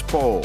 spor.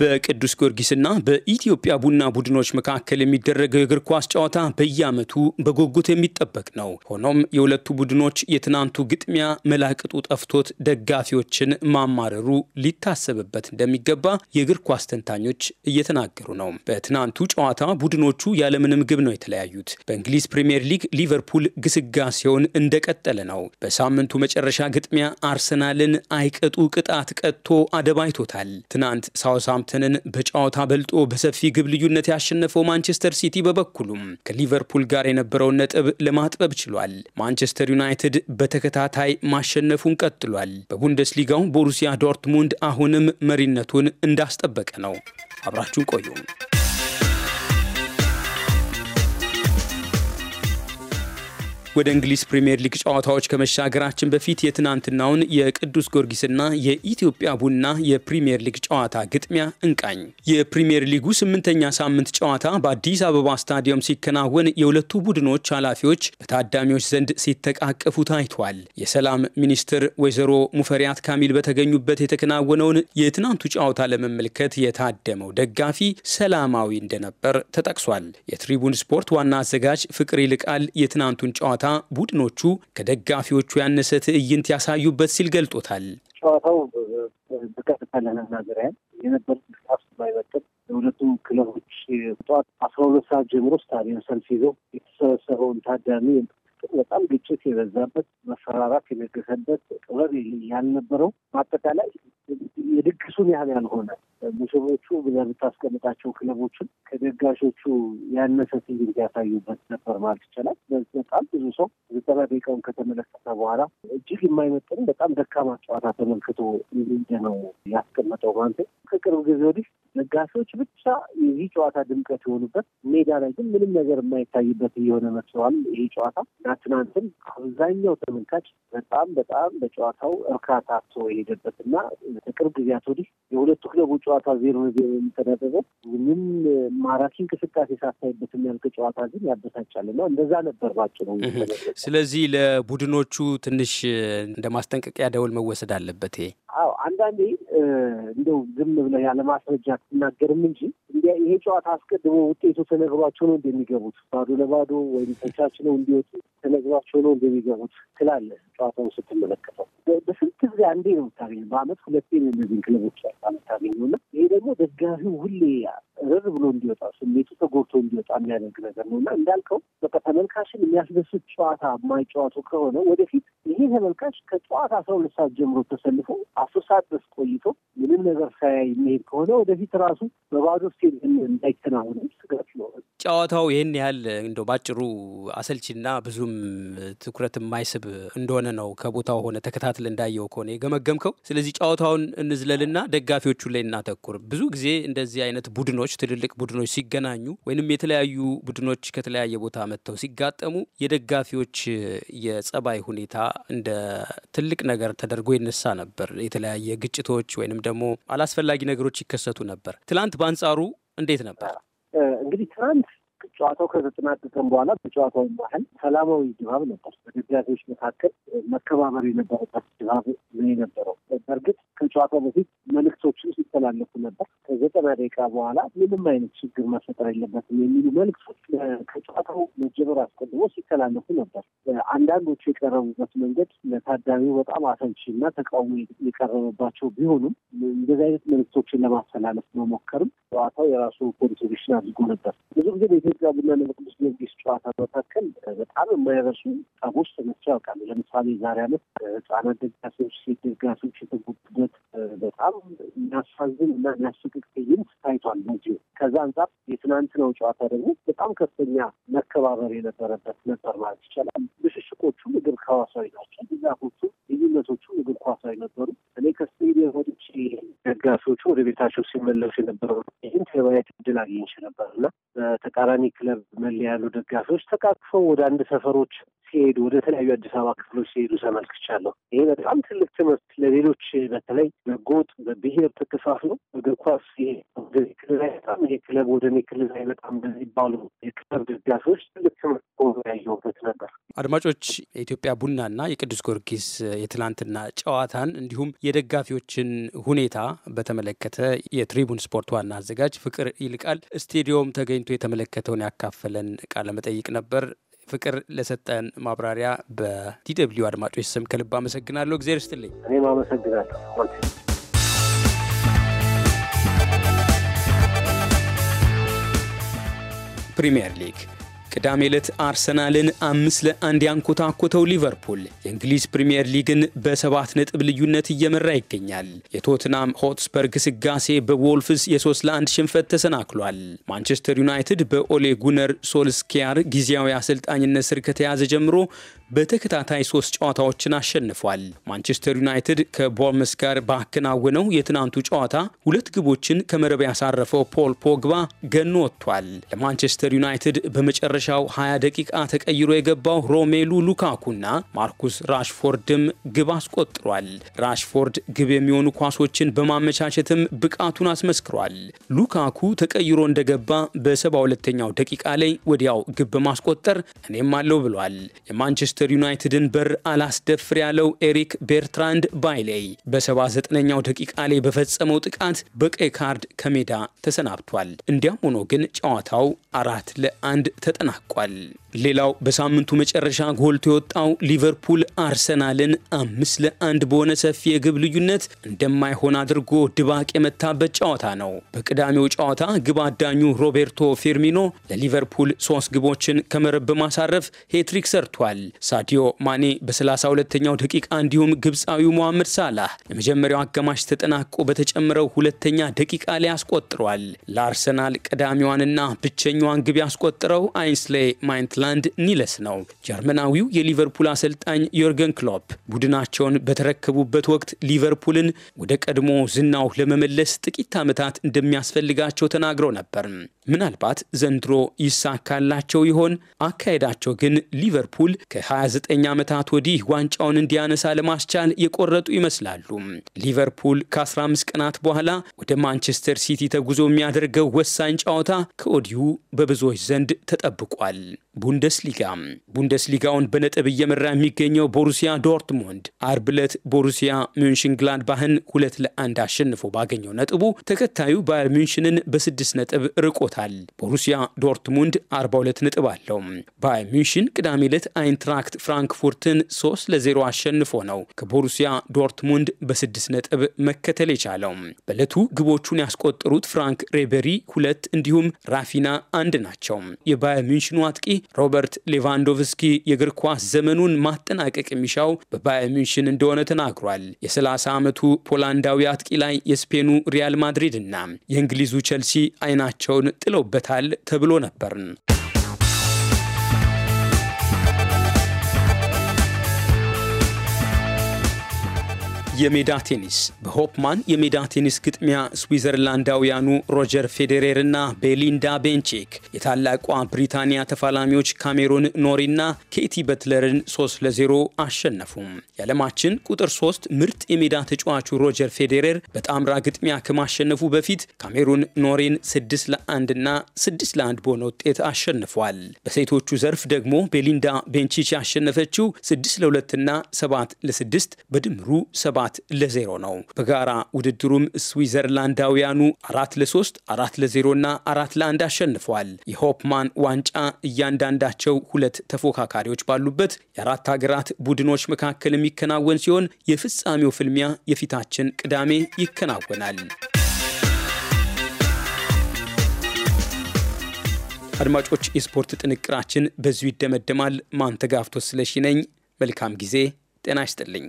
በቅዱስ ጊዮርጊስና በኢትዮጵያ ቡና ቡድኖች መካከል የሚደረገው የእግር ኳስ ጨዋታ በየዓመቱ በጉጉት የሚጠበቅ ነው። ሆኖም የሁለቱ ቡድኖች የትናንቱ ግጥሚያ መላቅጡ ጠፍቶት ደጋፊዎችን ማማረሩ ሊታሰብበት እንደሚገባ የእግር ኳስ ተንታኞች እየተናገሩ ነው። በትናንቱ ጨዋታ ቡድኖቹ ያለምንም ግብ ነው የተለያዩት። በእንግሊዝ ፕሪምየር ሊግ ሊቨርፑል ግስጋሴውን እንደቀጠለ ነው። በሳምንቱ መጨረሻ ግጥሚያ አርሰናልን አይቀጡ ቅጣት ቀጥቶ አደባይቶታል። ትናንት ሳውሳ ሳውዝሃምፕተንን በጨዋታ በልጦ በሰፊ ግብ ልዩነት ያሸነፈው ማንቸስተር ሲቲ በበኩሉም ከሊቨርፑል ጋር የነበረውን ነጥብ ለማጥበብ ችሏል። ማንቸስተር ዩናይትድ በተከታታይ ማሸነፉን ቀጥሏል። በቡንደስሊጋው ቦሩሲያ ዶርትሙንድ አሁንም መሪነቱን እንዳስጠበቀ ነው። አብራችሁን ቆዩም። ወደ እንግሊዝ ፕሪምየር ሊግ ጨዋታዎች ከመሻገራችን በፊት የትናንትናውን የቅዱስ ጊዮርጊስና የኢትዮጵያ ቡና የፕሪምየር ሊግ ጨዋታ ግጥሚያ እንቃኝ። የፕሪምየር ሊጉ ስምንተኛ ሳምንት ጨዋታ በአዲስ አበባ ስታዲየም ሲከናወን የሁለቱ ቡድኖች ኃላፊዎች በታዳሚዎች ዘንድ ሲተቃቀፉ ታይቷል። የሰላም ሚኒስትር ወይዘሮ ሙፈሪያት ካሚል በተገኙበት የተከናወነውን የትናንቱ ጨዋታ ለመመልከት የታደመው ደጋፊ ሰላማዊ እንደነበር ተጠቅሷል። የትሪቡን ስፖርት ዋና አዘጋጅ ፍቅር ይልቃል የትናንቱን ጨዋታ ቡድኖቹ ከደጋፊዎቹ ያነሰ ትዕይንት ያሳዩበት ሲል ገልጦታል። ጨዋታው በቀጥታ ለመናገር ያህል የነበሩት ድጋፍ ባይበጥል የሁለቱ ክለቦች ጠዋት አስራ ሁለት ሰዓት ጀምሮ ስታዲየም ሰልፍ ይዘው የተሰበሰበውን ታዳሚ ውስጥ በጣም ግጭት የበዛበት መፈራራት የነገሰበት ጥበብ ያልነበረው በአጠቃላይ የድግሱን ያህል ያልሆነ ሙሽሮቹ ብለህ ብታስቀምጣቸው ክለቦችን ከደጋሾቹ ያነሰ ትዕይንት ያሳዩበት ነበር ማለት ይቻላል። በጣም ብዙ ሰው ዘጠና ደቂቃውን ከተመለከተ በኋላ እጅግ የማይመጥን በጣም ደካማ ጨዋታ ተመልክቶ ነው ያስቀመጠው ማለት ከቅርብ ጊዜ ወዲህ ለጋሾች ብቻ የዚህ ጨዋታ ድምቀት የሆኑበት ሜዳ ላይ ግን ምንም ነገር የማይታይበት እየሆነ መስለዋል ይህ ጨዋታ እና ትናንትም አብዛኛው ተመልካች በጣም በጣም በጨዋታው እርካታ አቶ የሄደበት እና ከቅርብ ጊዜያት ወዲህ የሁለቱ ክለቡ ጨዋታ ዜሮ ዜሮ የሚተዳደረው ምንም ማራኪ እንቅስቃሴ ሳታይበት የሚያልቅ ጨዋታ ግን ያበሳጫል እና እንደዛ ነበር ባጭ ነው። ስለዚህ ለቡድኖቹ ትንሽ እንደ ማስጠንቀቂያ ደውል መወሰድ አለበት። ይሄ አዎ አንዳንዴ እንደው ዝም ብለህ ያለማስረጃ አትናገርም እንጂ እንዲያ ይሄ ጨዋታ አስቀድሞ ውጤቱ ተነግሯቸው ነው እንደሚገቡት ባዶ ለባዶ ወይም ተቻች ነው እንዲወጡ ተነግሯቸው ነው እንደሚገቡት ትላለ። ጨዋታውን ስትመለከተው በስንት ጊዜ አንዴ ነው የምታገኘው። በአመት ሁለቴ ነው እነዚህን ክለቦች ታገኘው እና ይሄ ደግሞ ደጋፊው ሁሌ ርር ብሎ እንዲወጣ ስሜቱ ተጎድቶ እንዲወጣ የሚያደርግ ነገር ነው እና እንዳልከው በቃ ተመልካችን የሚያስደስት ጨዋታ ማይጨዋቱ ከሆነ ወደፊት ይሄ ተመልካች ከጨዋታ አስራ ሁለት ሰዓት ጀምሮ ተሰልፎ አስር ሰዓት ድረስ ቆይቶ ምንም ነገር ሳያይ የሚሄድ ከሆነ ወደፊት ራሱ በባዶ ስቴዲየም እንዳይከናወን ስጋት ይኖራል። ጨዋታው ይህን ያህል እንደ ባጭሩ አሰልቺና ብዙም ትኩረት የማይስብ እንደሆነ ነው ከቦታው ሆነ ተከታትል እንዳየው ከሆነ የገመገምከው። ስለዚህ ጨዋታውን እንዝለልና ደጋፊዎቹ ላይ እናተኩር። ብዙ ጊዜ እንደዚህ አይነት ቡድኖች ቡድኖች ትልልቅ ቡድኖች ሲገናኙ ወይንም የተለያዩ ቡድኖች ከተለያየ ቦታ መጥተው ሲጋጠሙ የደጋፊዎች የጸባይ ሁኔታ እንደ ትልቅ ነገር ተደርጎ ይነሳ ነበር። የተለያየ ግጭቶች ወይንም ደግሞ አላስፈላጊ ነገሮች ይከሰቱ ነበር። ትላንት በአንጻሩ እንዴት ነበር? እንግዲህ ትናንት ጨዋታው ከተጠናቀቀም በኋላ በጨዋታው መሀል ሰላማዊ ድባብ ነበር። በደጋፊዎች መካከል መከባበር የነበረበት ድባብ ነው የነበረው። በእርግጥ ከጨዋታው በፊት መልእክቶችን ያስተላልፉ ነበር። ከዘጠና ደቂቃ በኋላ ምንም አይነት ችግር መፈጠር የለበትም የሚሉ መልክቶች ከጨዋታው መጀመር አስቀድሞ ሲተላለፉ ነበር። አንዳንዶቹ የቀረቡበት መንገድ ለታዳሚው በጣም አሰልቺ እና ተቃውሞ የቀረበባቸው ቢሆኑም እንደዚህ አይነት መልክቶችን ለማስተላለፍ መሞከርም ጨዋታው የራሱ ኮንትሪቢሽን አድርጎ ነበር። ብዙ ጊዜ በኢትዮጵያ ቡና በቅዱስ ጊዮርጊስ ጨዋታ መካከል በጣም የማይረሱ ጠቦች ተነስቶ ያውቃሉ። ለምሳሌ የዛሬ ዓመት ህጻናት ደጋፊዎች፣ ሴት ደጋፊዎች የተጎዱበት በጣም የሚያሳ የሚያሳዝን እና የሚያስቅቅ ትዕይንት ታይቷል። በዚሁ ከዛ አንጻር የትናንትናው ጨዋታ ደግሞ በጣም ከፍተኛ መከባበር የነበረበት ነበር ማለት ይቻላል። ብሽሽቆቹ እግር ኳሳዊ ናቸው። ብዛቶቹ ልዩነቶቹ እግር ኳሳዊ ነበሩ። እኔ ከስቴዲየም ወጥቼ ደጋፊዎቹ ወደ ቤታቸው ሲመለሱ የነበረው ትዕይንት የማየት እድል አግኝቼ ነበር እና በተቃራኒ ክለብ መለያ ያሉ ደጋፊዎች ተቃቅፈው ወደ አንድ ሰፈሮች ሲሄዱ ወደ ተለያዩ አዲስ አበባ ክፍሎች ሲሄዱ ተመልክቻለሁ። ይሄ በጣም ትልቅ ትምህርት ለሌሎች በተለይ በጎጥ በብሔር ተከፋፍሎ እግር ኳስ ክልል በጣም ይሄ ክለብ ወደ እኔ ክልል ላይ በጣም በሚባሉ የክለብ ደጋፊዎች ትልቅ ትምህርት ሆኖ ያየሁበት ነበር። አድማጮች የኢትዮጵያ ቡናና የቅዱስ ጊዮርጊስ የትላንትና ጨዋታን እንዲሁም የደጋፊዎችን ሁኔታ በተመለከተ የትሪቡን ስፖርት ዋና አዘጋጅ ፍቅር ይልቃል ስቴዲዮም ተገኝቶ የተመለከተውን ያካፈለን ቃለመጠይቅ ነበር። ፍቅር ለሰጠን ማብራሪያ በዲደብልዩ አድማጮች ስም ከልብ አመሰግናለሁ። እግዜር ይስጥልኝ። እኔም አመሰግናለሁ። ፕሪምየር ሊግ ቅዳሜ ዕለት አርሰናልን አምስት ለአንድ ያንኮታኮተው ሊቨርፑል የእንግሊዝ ፕሪምየር ሊግን በሰባት ነጥብ ልዩነት እየመራ ይገኛል። የቶትናም ሆትስፐር ግስጋሴ በዎልፍስ የሶስት ለአንድ ሽንፈት ተሰናክሏል። ማንቸስተር ዩናይትድ በኦሌ ጉነር ሶልስኪያር ጊዜያዊ አሰልጣኝነት ስር ከተያዘ ጀምሮ በተከታታይ ሶስት ጨዋታዎችን አሸንፏል። ማንቸስተር ዩናይትድ ከቦርምስ ጋር ባከናወነው የትናንቱ ጨዋታ ሁለት ግቦችን ከመረብ ያሳረፈው ፖል ፖግባ ገኖ ወጥቷል። ለማንቸስተር ዩናይትድ በመጨረሻው 20 ደቂቃ ተቀይሮ የገባው ሮሜሉ ሉካኩና ማርኩስ ራሽፎርድም ግብ አስቆጥሯል። ራሽፎርድ ግብ የሚሆኑ ኳሶችን በማመቻቸትም ብቃቱን አስመስክሯል። ሉካኩ ተቀይሮ እንደገባ በሰባ ሁለተኛው ደቂቃ ላይ ወዲያው ግብ በማስቆጠር እኔም አለው ብሏል። የማንቸስተር ማንቸስተር ዩናይትድን በር አላስደፍር ያለው ኤሪክ ቤርትራንድ ባይሌይ በ79ኛው ደቂቃ ላይ በፈጸመው ጥቃት በቀይ ካርድ ከሜዳ ተሰናብቷል። እንዲያም ሆኖ ግን ጨዋታው አራት ለአንድ ተጠናቋል። ሌላው በሳምንቱ መጨረሻ ጎልቶ የወጣው ሊቨርፑል አርሰናልን አምስት ለአንድ በሆነ ሰፊ የግብ ልዩነት እንደማይሆን አድርጎ ድባቅ የመታበት ጨዋታ ነው። በቅዳሜው ጨዋታ ግብ አዳኙ ሮቤርቶ ፊርሚኖ ለሊቨርፑል ሶስት ግቦችን ከመረብ በማሳረፍ ሄትሪክ ሰርቷል። ሳዲዮ ማኔ በ 32 ደቂቃ እንዲሁም ግብፃዊው መሐመድ ሳላህ የመጀመሪያው አጋማሽ ተጠናቆ በተጨምረው ሁለተኛ ደቂቃ ላይ አስቆጥሯል። ለአርሰናል ቀዳሚዋንና ብቸኛዋን ግብ ያስቆጥረው አይንስሌ ማይንትላንድ ኒለስ ነው። ጀርመናዊው የሊቨርፑል አሰልጣኝ ዮርገን ክሎፕ ቡድናቸውን በተረከቡበት ወቅት ሊቨርፑልን ወደ ቀድሞ ዝናው ለመመለስ ጥቂት ዓመታት እንደሚያስፈልጋቸው ተናግረው ነበር። ምናልባት ዘንድሮ ይሳካላቸው ይሆን? አካሄዳቸው ግን ሊቨርፑል ከ20 ከ29 ዓመታት ወዲህ ዋንጫውን እንዲያነሳ ለማስቻል የቆረጡ ይመስላሉ። ሊቨርፑል ከ15 ቀናት በኋላ ወደ ማንቸስተር ሲቲ ተጉዞ የሚያደርገው ወሳኝ ጨዋታ ከወዲሁ በብዙዎች ዘንድ ተጠብቋል። ቡንደስሊጋ ቡንደስሊጋውን በነጥብ እየመራ የሚገኘው ቦሩሲያ ዶርትሙንድ አርብ ዕለት ቦሩሲያ ሚንሽንግላንድ ባህን ሁለት ለአንድ አሸንፎ ባገኘው ነጥቡ ተከታዩ ባየር ሚንሽንን በስድስት ነጥብ ርቆታል። ቦሩሲያ ዶርትሙንድ 42 ነጥብ አለው። ባየር ሚንሽን ቅዳሜ ዕለት አይንትራክት ፍራንክፉርትን 3 ለ0 አሸንፎ ነው ከቦሩሲያ ዶርትሙንድ በስድስት ነጥብ መከተል የቻለው። በዕለቱ ግቦቹን ያስቆጠሩት ፍራንክ ሬበሪ ሁለት እንዲሁም ራፊና አንድ ናቸው። የባየር ሚንሽኑ አጥቂ ሮበርት ሌቫንዶቭስኪ የእግር ኳስ ዘመኑን ማጠናቀቅ የሚሻው በባየር ሚንሽን እንደሆነ ተናግሯል። የ30 ዓመቱ ፖላንዳዊ አጥቂ ላይ የስፔኑ ሪያል ማድሪድ እና የእንግሊዙ ቸልሲ አይናቸውን ጥለውበታል ተብሎ ነበርን። የሜዳ ቴኒስ በሆፕማን የሜዳ ቴኒስ ግጥሚያ ስዊዘርላንዳውያኑ ሮጀር ፌዴሬር እና ቤሊንዳ ቤንቼክ የታላቋ ብሪታንያ ተፋላሚዎች ካሜሩን ኖሪና ኬቲ በትለርን 3 ለ0 አሸነፉም። የዓለማችን ቁጥር 3 ምርጥ የሜዳ ተጫዋቹ ሮጀር ፌዴሬር በጣምራ ግጥሚያ ከማሸነፉ በፊት ካሜሩን ኖሪን 6 ለ1 እና 6 ለ1 በሆነ ውጤት አሸንፏል። በሴቶቹ ዘርፍ ደግሞ ቤሊንዳ ቤንቺች ያሸነፈችው 6 ለ2 እና 7 ለ6 በድምሩ 7 አራት ለዜሮ ነው። በጋራ ውድድሩም ስዊዘርላንዳውያኑ አራት ለሶስት አራት ለዜሮ ና አራት ለአንድ አሸንፈዋል። የሆፕማን ዋንጫ እያንዳንዳቸው ሁለት ተፎካካሪዎች ባሉበት የአራት ሀገራት ቡድኖች መካከል የሚከናወን ሲሆን የፍጻሜው ፍልሚያ የፊታችን ቅዳሜ ይከናወናል። አድማጮች፣ የስፖርት ጥንቅራችን በዚሁ ይደመደማል። ማንተጋፍቶ ስለሺ ነኝ። መልካም ጊዜ። ጤና ይስጥልኝ።